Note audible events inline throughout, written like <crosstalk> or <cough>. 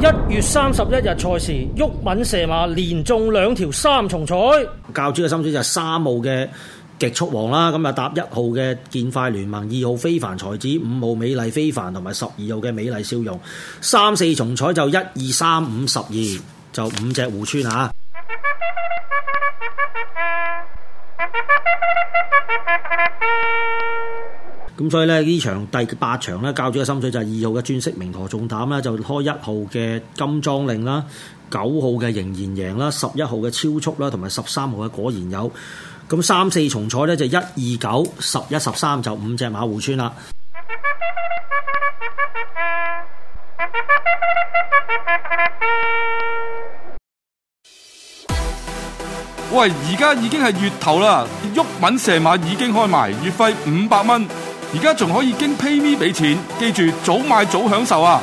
一月三十一日賽事，毓民射馬連中兩條三重彩。教主嘅心水就係三號嘅極速王啦，咁啊，搭一號嘅建快聯盟，二號非凡才子，五號美麗非凡，同埋十二號嘅美麗笑容，三四重彩就一二三五十二，就五隻湖村。吓、啊。咁所以咧，呢場第八場咧，教主嘅心水就係二號嘅鑽色明駝重膽啦，就開一號嘅金裝令啦，九號嘅仍然贏啦，十一號嘅超速啦，同埋十三號嘅果然有。咁三四重彩咧就一二九十一十三，就五隻馬湖村啦。喂，而家已經係月頭啦，郁敏射馬已經開埋，月費五百蚊。而家仲可以經 PayMe 俾錢，記住早買早享受啊！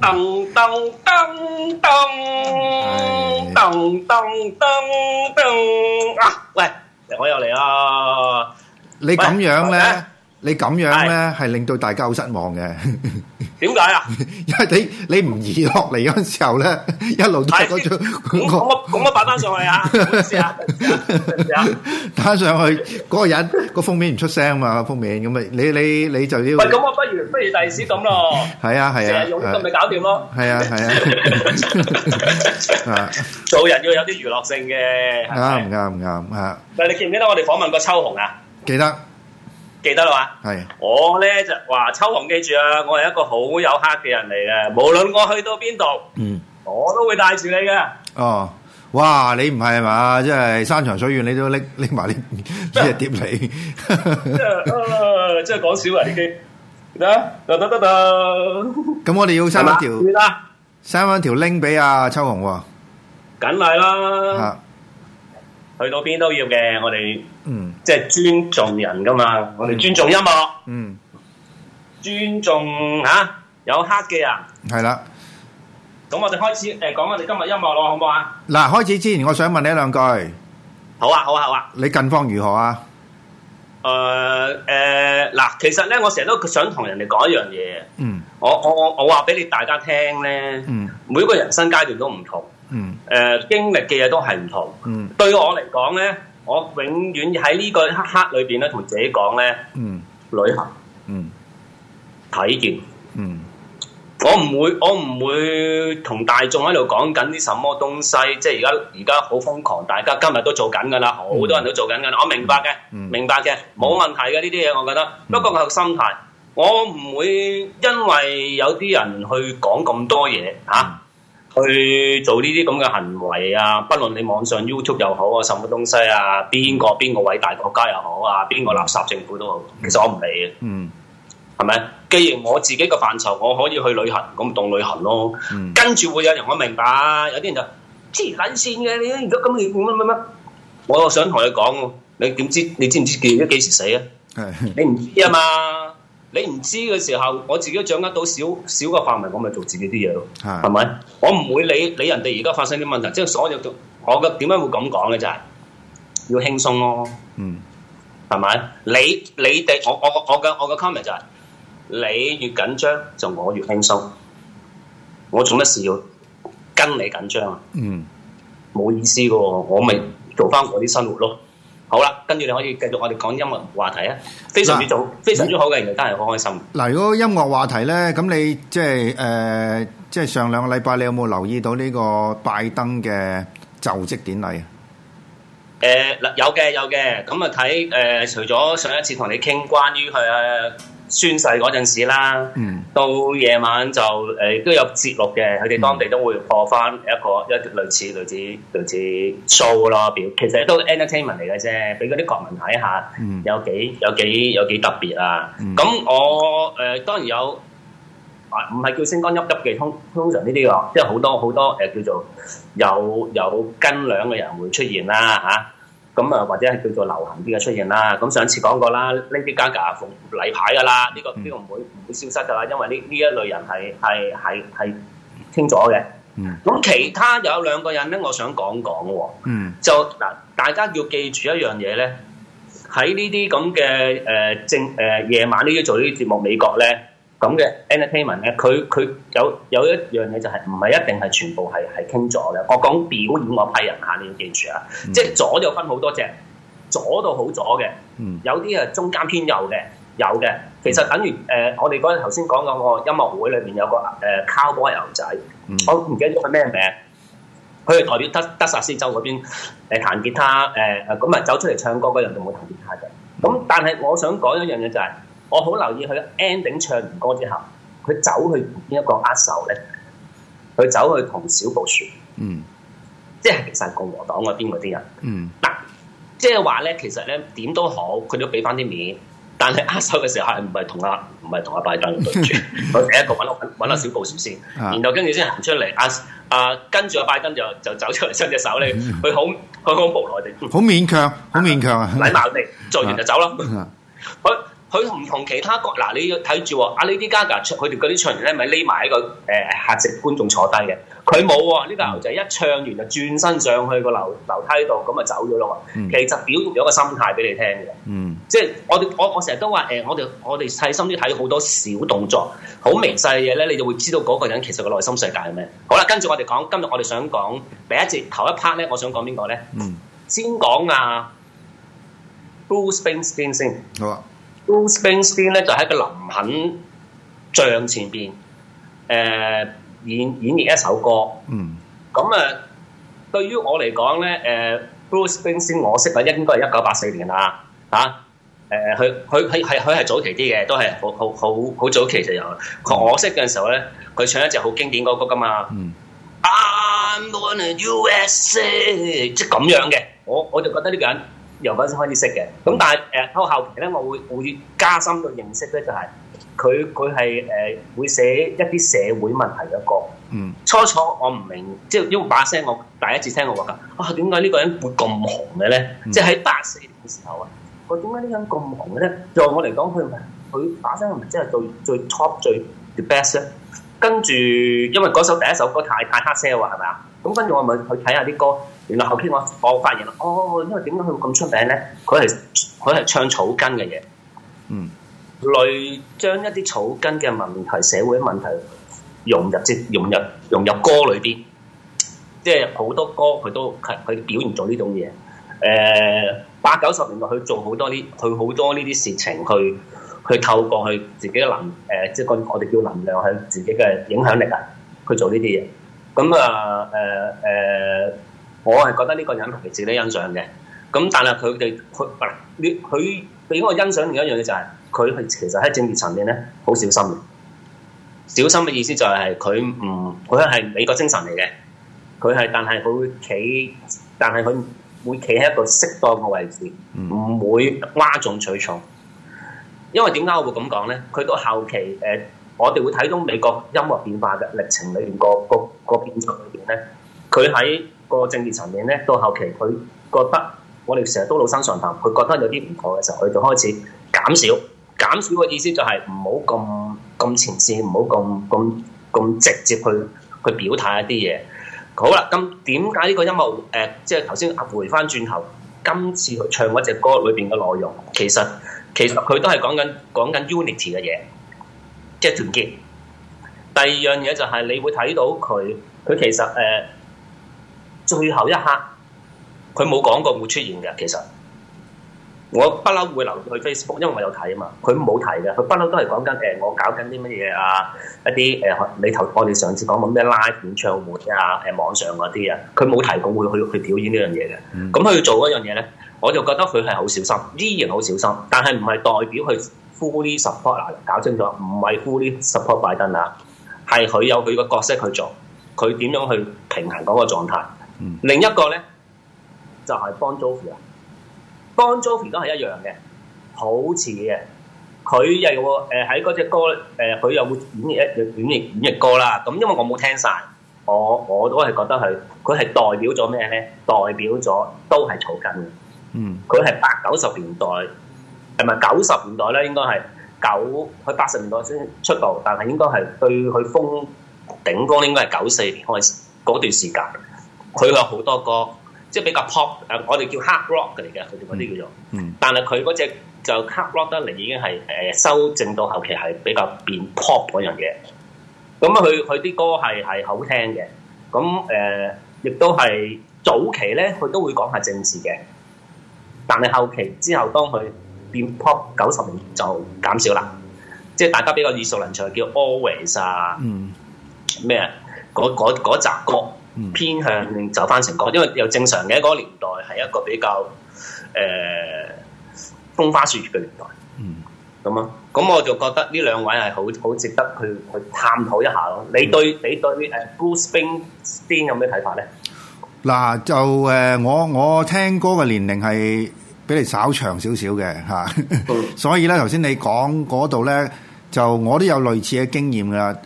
噔噔噔噔噔噔噔噔啊，喂，我又來，你又嚟啦，你咁樣咧？.你咁樣咧，係令到大家好失望嘅。點解啊？因為你你唔移落嚟嗰陣時候咧，一路都係嗰張。咁咁，我咁我打翻上去啊！試下，打翻上去嗰個人個封面唔出聲嘛？封面咁咪你你你就要。喂，咁我不如不如第時咁咯。係啊係啊，用呢個咪搞掂咯。係啊係啊，做人要有啲娛樂性嘅。啱唔啱唔啱啊？但係，你記唔記得我哋訪問過秋紅啊？記得。記得啦嘛，係我咧就哇秋紅記住啊，我係一個好有客嘅人嚟嘅，無論我去到邊度，嗯，我都會帶住你嘅。哦，哇，你唔係嘛？即係山長水遠你都拎拎埋呢呢隻碟嚟，即係即係講笑啊呢啲。得得得得，咁我哋要收翻條，收翻條拎俾阿秋紅喎，梗係啦。去到邊都要嘅，我哋即係尊重人㗎嘛，嗯、我哋尊重音樂，嗯、尊重吓有黑嘅人。係啦的。咁我哋開始誒講、呃、我哋今日音樂咯，好唔好啊？嗱，開始之前我想問你一兩句好、啊，好啊，好啊，好啊。你近況如何啊？誒誒、呃，嗱、呃，其實咧我成日都想同人哋講一樣嘢，嗯，我我我我話俾你大家聽咧，嗯，每個人生階段都唔同。嗯，誒經歷嘅嘢都係唔同。嗯，對我嚟講咧，我永遠喺呢個黑黑裏面咧，同自己講咧，嗯，旅行，嗯，體驗，嗯，我唔會，我唔會同大眾喺度講緊啲什麼東西。即係而家，而家好瘋狂，大家今日都做緊㗎喇，好多人都做緊㗎喇。我明白嘅，明白嘅，冇問題嘅，呢啲嘢我覺得。不過我個心態，我唔會因為有啲人去講咁多嘢嚇，去做呢啲咁嘅行為啊！不論你網上 YouTube 又好啊，什麼東西啊，邊個邊個偉大國家又好啊，邊個垃圾政府都好，啊，其實我唔理啊。嗯，係咪？既然我自己個範疇，我可以去旅行，咁當旅行咯。嗯、跟住會有人我明白，啊，有啲人就黐撚線嘅。你、啊、如果咁嘅咁乜乜乜，我想同你講，你點知？你知唔知佢而家幾時死啊？ <laughs> 你唔知啊嘛？你唔知嘅時候，我自己掌握到少少嘅範圍，我咪做自己啲嘢咯，係咪是的？我唔會理理人哋而家發生啲問題，即係所有做我嘅，點解會咁講咧，就係要輕鬆咯，嗯，係咪？你你哋我我我嘅我嘅 comment 就係你越緊張就我越輕鬆，我做乜事要跟你緊張啊？嗯，冇意思噶，我咪做翻我啲生活咯。好啦，跟住你可以繼續我哋講音樂話題啊！非常之早，啊、非常之好嘅，原來真係好開心。嗱、啊，如果音樂話題咧，咁你即係誒，即、呃、係上兩個禮拜你有冇留意到呢個拜登嘅就職典禮啊？誒、呃，有嘅有嘅，咁啊睇誒，除咗上一次同你傾關於佢啊，呃宣誓嗰陣時啦，嗯、到夜晚就誒、呃、都有節錄嘅，佢哋當地都會播翻一個一類似類似類似 show 咯表，其實都 entertainment 嚟嘅啫，俾嗰啲國民睇下有幾有幾有幾，有幾特別啊！咁、嗯、我誒、呃、當然有啊，唔係叫星光熠熠嘅，通通常呢啲個，即係好多好多誒、呃、叫做有有斤兩嘅人會出現啦嚇。啊咁啊，或者係叫做流行啲嘅出現啦。咁上次講過啦，呢啲傢俬例牌嘅啦，呢個都唔會唔會消失㗎啦，因為呢呢一類人係係係係清楚嘅。咁、嗯、其他有兩個人咧，我想講講喎。嗯，就嗱，大家要記住一樣嘢咧，喺呢啲咁嘅誒政誒夜晚都要做呢啲節目，美國咧。咁嘅 entertainment 咧，佢佢有有一樣嘢就係唔係一定係全部係係傾咗嘅。我講表演，我批人下你要記住啊！即係左就分好多隻，左到好左嘅，有啲啊中間偏右嘅有嘅。其實等於誒、呃，我哋嗰陣頭先講講個音樂會裏面有個 cowboy、呃、牛仔，嗯、我唔記得咗咩名，佢係代表德德薩斯州嗰邊誒彈吉他誒咁啊走出嚟唱歌嗰人就冇彈吉他嘅。咁但係我想講一樣嘢就係、是。我好留意佢 ending 唱完歌之後，佢走去邊一個握手咧？佢走去同小布殊，嗯，即係其實共和黨嗰邊嗰啲人，嗯，嗱，即係話咧，其實咧點都好，佢都俾翻啲面，但係握手嘅時候係唔係同阿唔係同阿拜登對住，佢第一個揾我揾阿小布殊先，然後跟住先行出嚟，阿阿跟住阿拜登就就走出嚟伸隻手你，佢好佢好無奈地，好勉強，好勉強啊，禮貌地做完就走啦，好。佢唔同其他國，嗱、啊、你要睇住喎。Lady Gaga，佢哋嗰啲唱完咧，咪匿埋一個誒、呃、客席觀眾坐低嘅。佢冇喎，呢、這個牛仔、嗯、一唱完就轉身上去個樓樓梯度，咁啊走咗咯。其實表現咗個心態俾你聽嘅。嗯，即係我哋我我成日都話誒，我哋我哋細心啲睇好多小動作，好微細嘅嘢咧，嗯、你就會知道嗰個人其實個內心世界係咩。好啦，跟住我哋講，今日我哋想講第一節頭一 part 咧，我想講邊個咧？嗯、啊，先講阿 Bruce Springsteen 先先。好啊。Bruce Springsteen 咧就喺、是、個林肯像前邊誒、呃、演演繹一首歌。嗯。咁啊，對於我嚟講咧，誒、呃、Bruce Springsteen 我識啊應該係一九八四年啦。啊，誒佢佢佢係佢係早期啲嘅，都係好好好好早期就有。我識嘅時候咧，佢唱一隻好經典歌曲㗎嘛。嗯。I'm on the USA，即係咁樣嘅。我我就覺得呢個人。由嗰時開始識嘅，咁但係誒到後期咧，我會我會加深個認識咧、就係，就係佢佢係誒會寫一啲社會問題嘅歌。嗯，初初我唔明，即係因為把聲我第一次聽我話，哇點解呢個人會咁紅嘅咧？即係喺八四年嘅時候啊，佢點解呢個人咁紅嘅咧？在我嚟講，佢唔係佢把聲係咪真係最最 top 最 the best 咧。跟住因為嗰首第一首歌太太 hard sell 係咪啊？咁跟住我咪去睇下啲歌。原來後邊我我發現啦，哦，因為點解佢咁出名咧？佢係佢係唱草根嘅嘢，嗯，嚟將一啲草根嘅問題、社會問題融入即融入融入歌裏邊，即係好多歌佢都佢佢表現咗呢種嘢。誒、呃，八九十年代佢做好多啲，佢好多呢啲事情去，去佢透過佢自己嘅能誒，即係我哋叫能量，佢自己嘅影響力啊，佢做呢啲嘢。咁啊誒誒。呃呃呃我係覺得呢個人其值得欣賞嘅，咁但係佢哋佢佢俾我欣賞另一樣嘢就係佢係其實喺政治層面咧，好小心，小心嘅意思就係佢唔佢係美國精神嚟嘅，佢係但係佢會企，但係佢會企喺一個適當嘅位置，唔、嗯、會嘩眾取寵。因為點解我會咁講咧？佢到後期誒、呃，我哋會睇到美國音樂變化嘅歷程裏面、個個、個變局裏邊咧，佢喺。個政治層面咧，到後期佢覺得我哋成日都老生常談，佢覺得有啲唔妥嘅時候，佢就開始減少。減少嘅意思就係唔好咁咁前線，唔好咁咁咁直接去去表態一啲嘢。好啦，咁點解呢個音樂誒、呃，即係頭先回翻轉頭，今次唱嗰隻歌裏邊嘅內容，其實其實佢都係講緊講緊 unity 嘅嘢，即係團結。第二樣嘢就係你會睇到佢，佢其實誒。呃最後一刻，佢冇講過會出現嘅。其實我不嬲會留意佢 Facebook，因為我有睇啊嘛。佢冇提嘅，佢不嬲都係講緊誒，我搞緊啲乜嘢啊，一啲誒你頭我哋上次講緊咩 live 演唱會啊，誒、欸、網上嗰啲啊，佢冇提過會去去表演呢、嗯、樣嘢嘅。咁佢去做嗰樣嘢咧，我就覺得佢係好小心，依然好小心。但係唔係代表佢 full support 啊？搞清楚，唔係 full support 拜登啊，係佢有佢個角色去做，佢點樣去平衡嗰個狀態。嗯、另一個咧就係、是、Bon Jovi 啊 Bon Jovi 都係一樣嘅，好似嘅，佢又誒喺嗰隻歌誒，佢、呃、又會演繹一演繹演繹歌啦。咁、嗯嗯、因為我冇聽晒，我我都係覺得佢佢係代表咗咩咧？代表咗都係草根嘅。嗯，佢係八九十年代，係咪九十年代咧？應該係九佢八十年代先出道，但係應該係對佢封頂峰咧，應該係九四年開始嗰段時間。佢有好多歌，即係比較 pop，誒、呃，我哋叫 hard rock 嚟嘅，佢哋啲叫做。嗯。嗯，但係佢嗰隻就 hard rock 得嚟已經係誒、呃、修正到後期係比較變 pop 嗰樣嘢。咁佢佢啲歌係係好聽嘅。咁誒、呃，亦都係早期咧，佢都會講下政治嘅。但係後期之後，當佢變 pop 九十年就減少啦。即係大家比較耳熟能詳叫 Always 啊。嗯。咩啊？嗰集歌。嗯、偏向走翻成個，因為又正常嘅嗰個年代係一個比較誒、呃、風花雪月嘅年代。嗯，咁啊，咁我就覺得呢兩位係好好值得去去探討一下咯。你對、嗯、你對誒 Bruce Springsteen 有咩睇法咧？嗱，就誒、呃、我我聽歌嘅年齡係比你稍長少少嘅嚇， <laughs> 所以咧頭先你講嗰度咧，就我都有類似嘅經驗噶啦。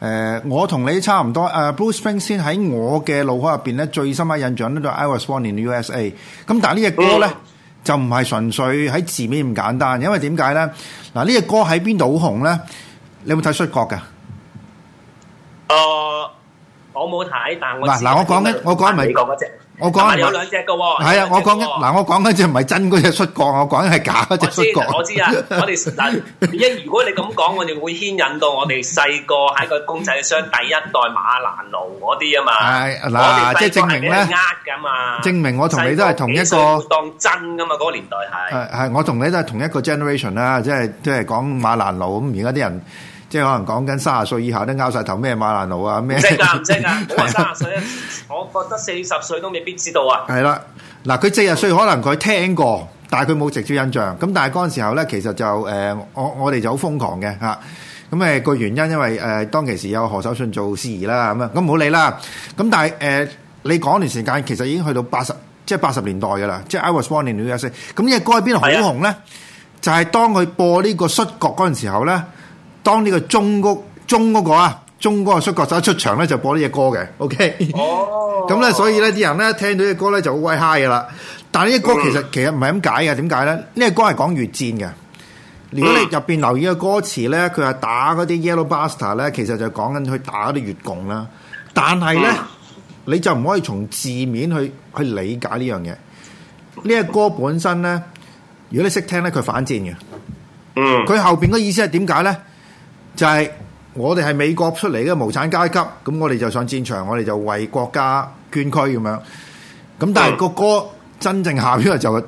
誒、呃，我同你差唔多。誒、呃、Bruce Springsteen 喺我嘅腦海入邊咧，最深刻印象咧就係、是、I Was Born In USA。咁但係呢隻歌咧，就唔係純粹喺字面咁簡單。因為點解咧？嗱、呃，呢隻歌喺邊度好紅咧？你有冇睇摔角㗎？哦、uh。我冇睇，但我嗱，我知你講嗰隻，我講有兩隻嘅喎。係啊，我講一嗱，我講嗰隻唔係真嗰隻摔角，我講係假嗰隻摔角。我知啊，我哋因為如果你咁講，我哋會牽引到我哋細個喺個公仔箱第一代馬蘭奴嗰啲啊嘛。係嗱，即係證明咧，證明我同你都係同一個當真㗎嘛，嗰個年代係，係我同你都係同一個 generation 啦，即係都係講馬蘭奴咁，而家啲人。即係可能講緊卅歲以下都拗晒頭，咩馬蘭奴啊咩？唔識噶，唔識噶，唔話卅歲， <laughs> 我覺得四十歲都未必知道啊。係啦，嗱，佢四十歲可能佢聽過，但係佢冇直接印象。咁但係嗰陣時候咧，其實就誒、呃，我我哋就好瘋狂嘅吓。咁誒個原因因為誒當其時有何守信做司儀啦咁啊。咁唔好理啦。咁但係誒、呃、你嗰段時間其實已經去到八十，即係八十年代噶啦。即係 I was born in the eighties 咁呢個歌喺邊度好紅咧？是的 就係當佢播呢個摔角嗰陣時候咧。當呢個中屋中嗰個啊，中嗰個摔角手一出場咧，就播、OK? oh. <laughs> 呢隻歌嘅。O K，咁咧，所以咧啲人咧聽到呢隻歌咧就好威 high 嘅啦。但呢隻歌其實、mm. 其實唔係咁解嘅，點解咧？呢隻歌係講越戰嘅。如果你入邊留意個歌詞咧，佢係打嗰啲 yellow bastard 咧，其實就講緊去打啲越共啦。但係咧，mm. 你就唔可以從字面去去理解呢樣嘢。呢隻歌本身咧，如果你識聽咧，佢反戰嘅。嗯，佢後邊嘅意思係點解咧？就係、是、我哋係美國出嚟嘅無產階級，咁我哋就上戰場，我哋就為國家捐軀咁樣。咁但係個歌真正下邊就係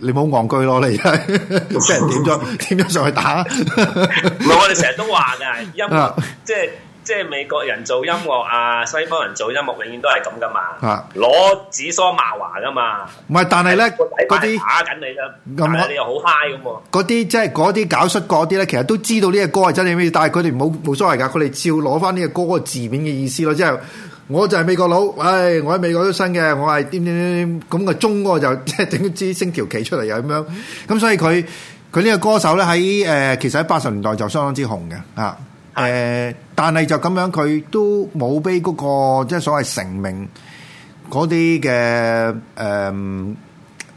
你冇戇居咯，你真係點咗點咗上去打。唔係我哋成日都話噶，音樂對。 <laughs> 即係美國人做音樂啊，西方人做音樂永遠都係咁噶嘛，攞、啊、紫梳麻華噶嘛。唔係，些但係咧嗰啲打緊你喇，但我哋又好 high 咁喎。嗰啲即係嗰啲搞出嗰啲咧，其實都知道呢個歌係真係咩，但係佢哋冇冇所謂㗎，佢哋照攞翻呢個歌個字面嘅意思咯。即係我就係美國佬，唉、哎，我喺美國出生嘅，我係點點點點咁嘅中喎，就即係整支星條旗出嚟又咁樣。咁所以佢佢呢個歌手咧喺誒其實喺八十年代就相當之紅嘅啊。誒、嗯，但係就咁樣，佢都冇俾嗰個即係所謂成名嗰啲嘅，誒，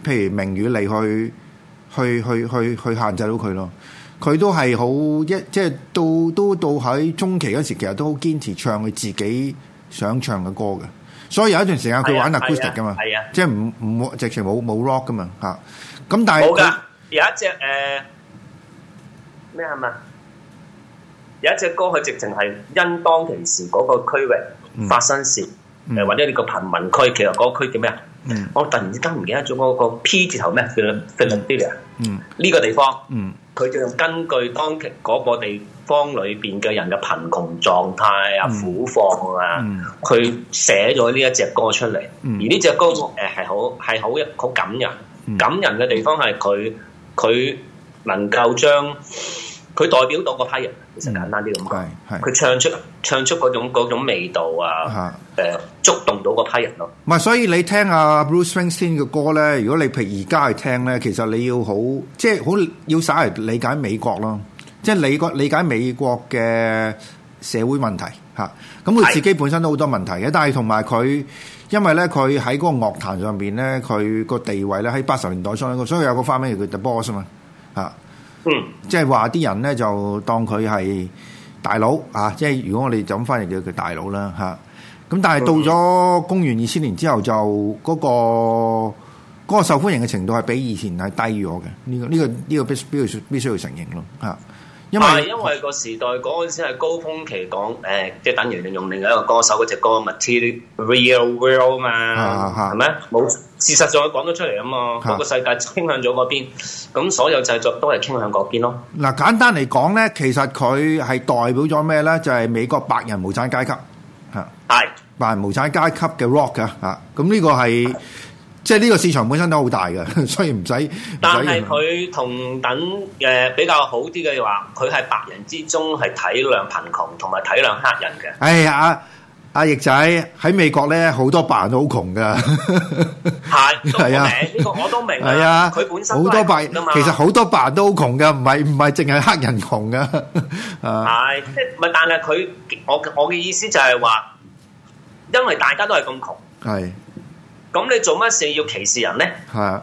譬如名與利去去去去去限制到佢咯。佢都係好一，即係到都到喺中期嗰時，其實都好堅持唱佢自己想唱嘅歌嘅。所以有一段時間佢玩 acoustic 噶嘛，啊啊、即係唔唔直情冇冇 rock 噶嘛吓。咁、嗯、但係冇噶有一隻誒咩係嘛？呃有一隻歌，佢直情係因當其時嗰個區域發生事，誒、嗯嗯呃、或者你個貧民區，其實嗰個區叫咩啊？嗯、我突然之間唔記得咗嗰個 P 字頭咩，Phil, Phil, Philadelphia，呢個地方，佢、嗯、就根據當其嗰個地方裏邊嘅人嘅貧窮狀態啊、嗯、苦況啊，佢、嗯、寫咗呢一隻歌出嚟。嗯、而呢隻歌誒係、呃、好係好好感人，感人嘅地方係佢佢能夠將。佢代表到嗰批人，其實簡單啲咁講，佢、嗯、唱出唱出嗰種嗰種味道啊，誒的、呃、觸動到嗰批人咯。唔係，所以你聽阿 Bruce Springsteen 嘅歌咧，如果你譬如而家去聽咧，其實你要好即係好要稍微理解美國咯，即係你個理解美國嘅社會問題嚇。咁佢的自己本身都好多問題嘅，但係同埋佢因為咧佢喺嗰個樂壇上邊咧，佢個地位咧喺八十年代初，所以有個花名叫 The Boss 嘛嚇。嗯，即係話啲人咧就當佢係大佬啊，即係如果我哋諗翻嚟叫佢大佬啦嚇。咁、啊、但係到咗公元二千年之後，就嗰、嗰個嗰個受歡迎嘅程度係比以前係低咗嘅。呢、呢個呢個呢個必必須必須要承認咯嚇。啊係因為個時代嗰陣時係高峯期講，誒即係等於你用另一個歌手嗰隻歌 Material World 啊嘛，係咪？冇事實上佢講得出嚟啊嘛，個世界傾向咗嗰邊，咁所有製作都係傾向嗰邊咯。嗱，簡單嚟講咧，其實佢係代表咗咩咧？就係美國白人無產階級嚇，係白人無產階級嘅 Rock 噶嚇，咁呢個係。即係呢個市場本身都好大嘅，所以唔使。但係佢同等誒比較好啲嘅話，佢係白人之中係體諒貧窮同埋體諒黑人嘅。哎呀，阿、啊、阿翼仔喺美國咧，好多白人都好窮噶。係，係啊，呢個我都明白。係啊，佢本身好多白，其實好多白人都好窮噶，唔係唔係淨係黑人窮噶。係、 <laughs> 啊，即係唔係？但係佢，我我嘅意思就係話，因為大家都係咁窮。係。咁你做乜事要歧視人呢？係、嗯、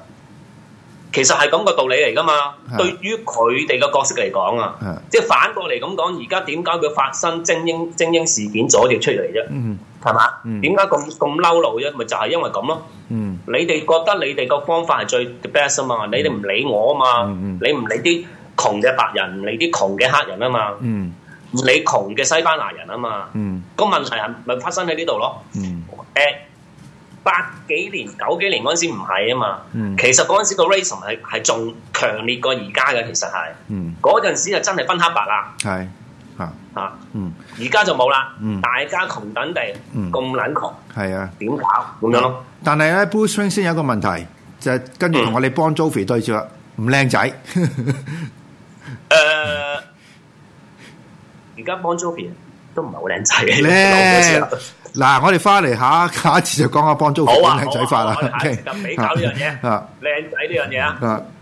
其實係咁個道理嚟噶嘛。啊、對於佢哋個角色嚟講啊，即係反過嚟咁講，而家點解佢發生精英精英事件咗條出嚟啫？嗯，係嘛吧？點解咁咁嬲路啫？咪就係、是、因為咁咯。嗯，你哋覺得你哋個方法係最 best 啊嘛？你哋唔理我啊嘛？嗯、你唔理啲窮嘅白人，唔理啲窮嘅黑人啊嘛？嗯，唔理窮嘅西班牙人啊嘛？嗯，個問題係咪發生喺呢度咯？嗯、誒、欸。百幾年、九幾年嗰陣時唔係啊嘛，嗯、其，其實嗰陣，嗯、時個 racism 係仲強烈過而家嘅，其實係。嗰陣時就真係分黑白啦。係啊啊嗯，而家就冇啦，嗯、大家窮等地咁撚窮。係、嗯、啊，點搞咁樣咯？但係咧 Bruce Springsteen 先有一個問題，就係、是、跟住同我哋幫 z o y 對住，唔靚仔。誒，而家、呃、幫 z o y 都唔係好靚仔咧，嗱，我哋翻嚟下，下一次就講下幫租盤靚仔法啦。咁比較呢樣嘢，靚 <laughs> 仔呢樣嘢。 <laughs>